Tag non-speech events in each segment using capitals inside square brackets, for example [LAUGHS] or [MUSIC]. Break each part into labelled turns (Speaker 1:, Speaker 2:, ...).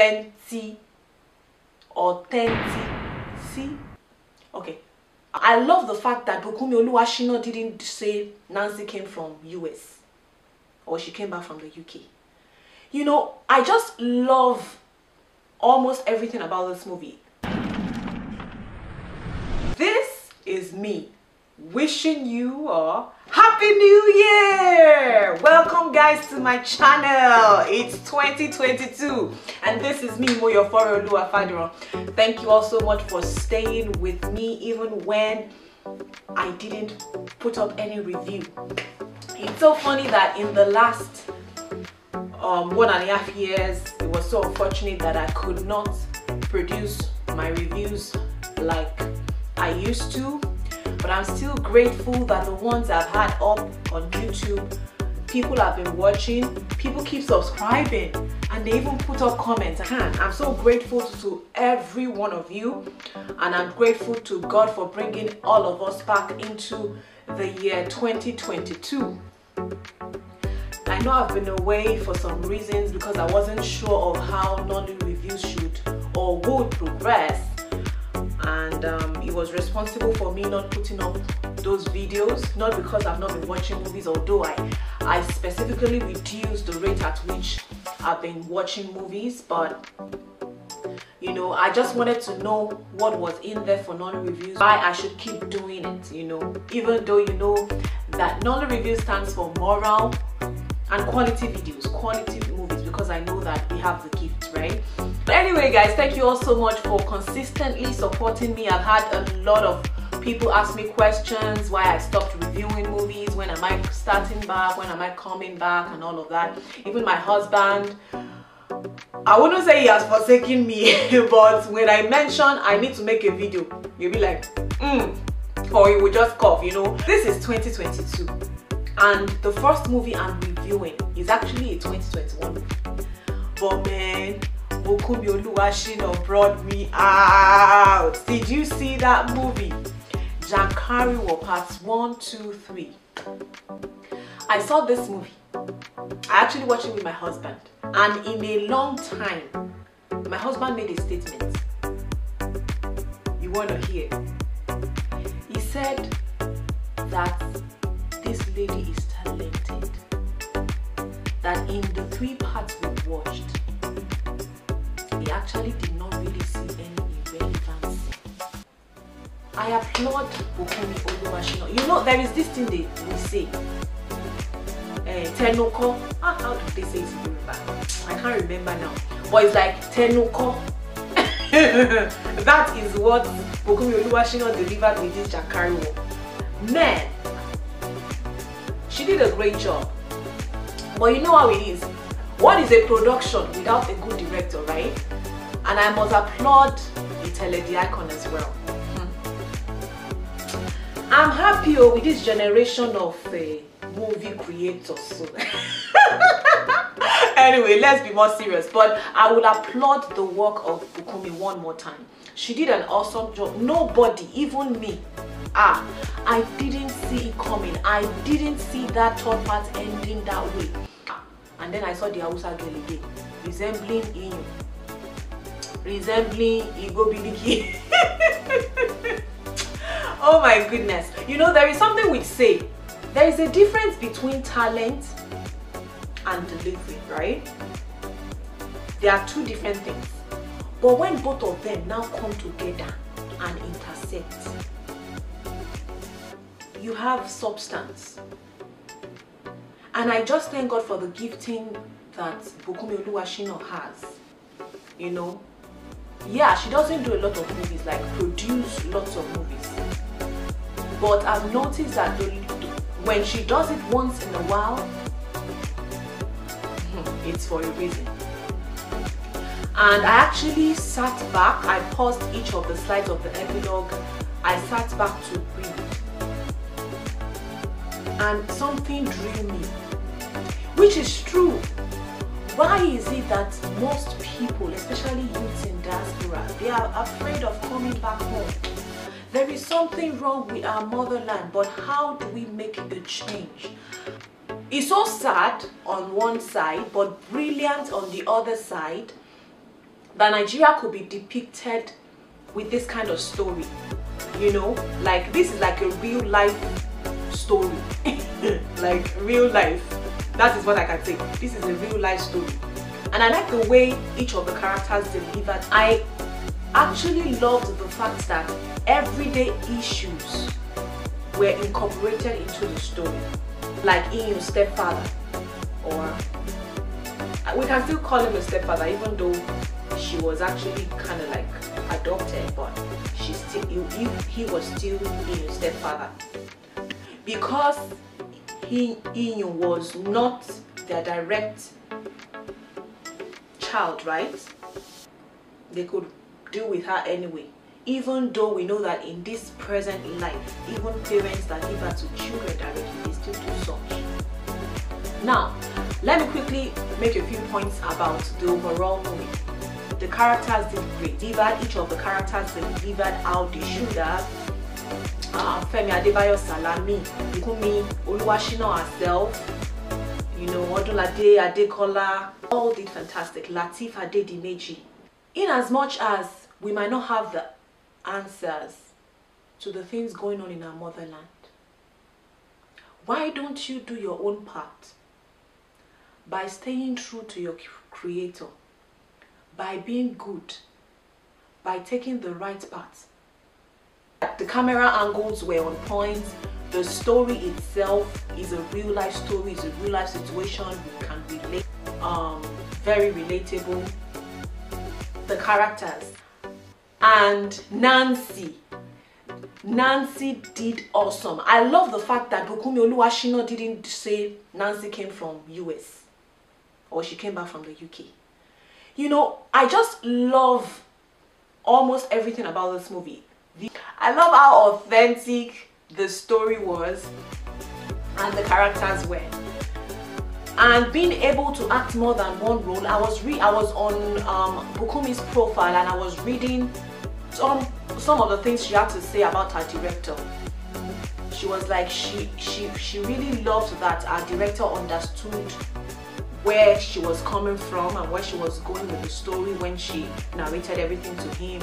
Speaker 1: authentic authenticity okay i love the fact that bukumi oluwashina didn't say nancy came from us or she came back from the uk you know i just love almost everything about this movie this is me wishing you a happy new year welcome guys to my channel it's 2022 and this is me Moyo Forolua Fadiron thank you all so much for staying with me even when I didn't put up any review it's so funny that in the last um, one and a half years it was so unfortunate that I could not produce my reviews like I used to but I'm still grateful that the ones I've had up on YouTube, people have been watching, people keep subscribing, and they even put up comments. And I'm so grateful to every one of you, and I'm grateful to God for bringing all of us back into the year 2022. I know I've been away for some reasons because I wasn't sure of how non-review should or would progress and um, was responsible for me not putting up those videos, not because I've not been watching movies, although I, I specifically reduced the rate at which I've been watching movies, but you know, I just wanted to know what was in there for non-reviews, why I should keep doing it, you know, even though you know that non-review stands for moral and quality videos, quality movies, because I know that we have the gift, right? But anyway guys, thank you all so much for consistently supporting me. I've had a lot of people ask me questions why I stopped reviewing movies, when am I starting back, when am I coming back and all of that. Even my husband, I wouldn't say he has forsaken me [LAUGHS] but when I mention I need to make a video, he'll be like, mm, or he will just cough, you know. This is 2022 and the first movie I'm reviewing is actually a 2021 movie. But man, Bukumi Oluwashina brought me out. Did you see that movie? Jankari War Parts 1, 2, 3. I saw this movie. I actually watched it with my husband. And in a long time, my husband made a statement. You want to hear? He said that this lady is talented. That in the three parts we watched, I actually did not really see any relevance. I applaud Bukumi Oluwashino. You know, there is this thing they we say. Uh, tenoko. How, how do they say it in Yoruba? I can't remember now. But it's like Tenoko. [LAUGHS] that is what Bukumi Oluwashino delivered with this Jakari Man, she did a great job. But you know how it is. What is a production without a good director, right? And I must applaud the icon as well. Hmm. I'm happy oh, with this generation of uh, movie creators. So. [LAUGHS] anyway, let's be more serious. But I will applaud the work of Bukumi one more time. She did an awesome job. Nobody, even me, ah, I didn't see it coming. I didn't see that third part ending that way. Ah, and then I saw the Ausa girl again, resembling Inu resembling Igobiliki. [LAUGHS] oh my goodness. You know, there is something we say. There is a difference between talent and delivery, right? There are two different things. But when both of them now come together and intersect, you have substance. And I just thank God for the gifting that Bukumi Oluwashino has. You know, yeah, she doesn't do a lot of movies, like produce lots of movies. But I've noticed that when she does it once in a while, [LAUGHS] it's for a reason. And I actually sat back, I paused each of the slides of the epilogue, I sat back to breathe. And something drew me, which is true why is it that most people, especially youths in diaspora, they are afraid of coming back home? There is something wrong with our motherland, but how do we make a change? It's so sad on one side, but brilliant on the other side, that Nigeria could be depicted with this kind of story. You know, like this is like a real life story, [LAUGHS] like real life. That is what I can say. This is a real life story. And I like the way each of the characters delivered. I actually loved the fact that everyday issues were incorporated into the story. Like in your stepfather or uh, we can still call him a stepfather even though she was actually kind of like adopted but she still he, he was still in your stepfather because Inyo was not their direct child, right? They could deal with her anyway. Even though we know that in this present life, even parents that give birth to children directly, they still do such. Now, let me quickly make a few points about the overall movie. The characters delivered, each of the characters delivered how they should have, Ah, Femi Adebayo Salami, Ikumi Oluwashina herself, you know, Odunlade Adekola, all did fantastic. Latif Adedimeji. In as much as we might not have the answers to the things going on in our motherland, why don't you do your own part by staying true to your creator, by being good, by taking the right path, the camera angles were on point. The story itself is a real life story, it's a real life situation. we can relate, um, very relatable. The characters and Nancy. Nancy did awesome. I love the fact that Bukumi Oluwashina didn't say Nancy came from US or she came back from the UK. You know, I just love almost everything about this movie. The I love how authentic the story was and the characters were. And being able to act more than one role, I was re I was on um, Bukumi's profile and I was reading some some of the things she had to say about her director. She was like she she she really loved that our director understood where she was coming from and where she was going with the story when she narrated everything to him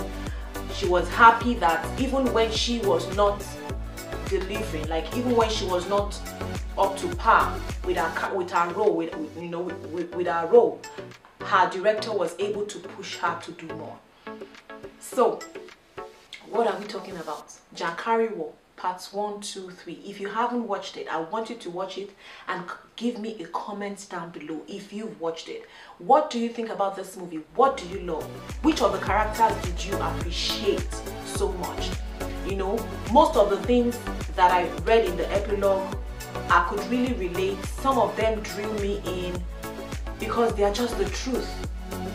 Speaker 1: she was happy that even when she was not delivering, like even when she was not up to par with her with her role, with, you know, with, with, her role, her director was able to push her to do more. So, what are we talking about? Jankari Wall parts one, two, three. If you haven't watched it, I want you to watch it and give me a comment down below if you've watched it. What do you think about this movie? What do you love? Which of the characters did you appreciate so much? You know, most of the things that I read in the epilogue, I could really relate. Some of them drew me in because they are just the truth.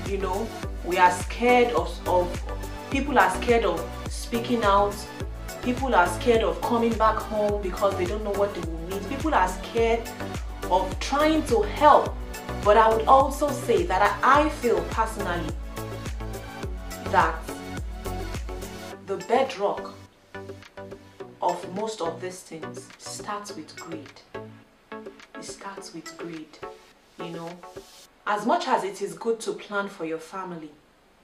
Speaker 1: You know, we are scared of, of people are scared of speaking out People are scared of coming back home because they don't know what they will meet. People are scared of trying to help. But I would also say that I feel personally that the bedrock of most of these things starts with greed. It starts with greed, you know. As much as it is good to plan for your family,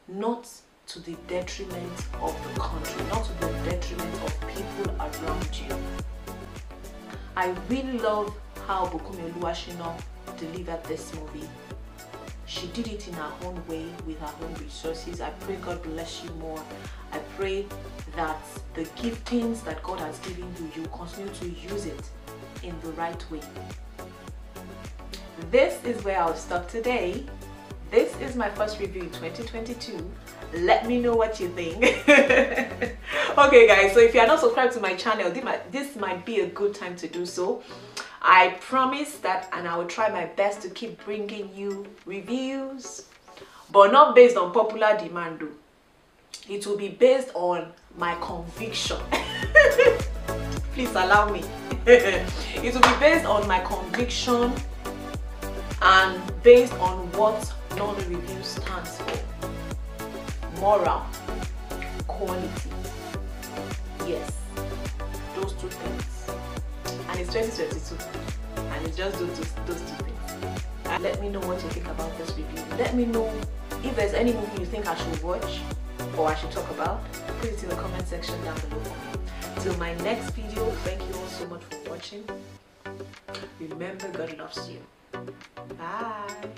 Speaker 1: not to the detriment of the country, not to the detriment of people around you. I really love how Bukumi Oluwashino delivered this movie. She did it in her own way with her own resources. I pray God bless you more. I pray that the giftings that God has given you, you continue to use it in the right way. This is where I'll stop today. This is my first review in 2022. Let me know what you think. [LAUGHS] okay guys, so if you are not subscribed to my channel, this might be a good time to do so. I promise that and I will try my best to keep bringing you reviews, but not based on popular demand though. It will be based on my conviction. [LAUGHS] Please allow me. [LAUGHS] it will be based on my conviction and based on what all the review stands for moral, quality. Yes, those two things. And it's 2022, and it's just those, those two things. And let me know what you think about this review. Let me know if there's any movie you think I should watch or I should talk about. Put it in the comment section down below. Till my next video, thank you all so much for watching. Remember, God loves you. Bye.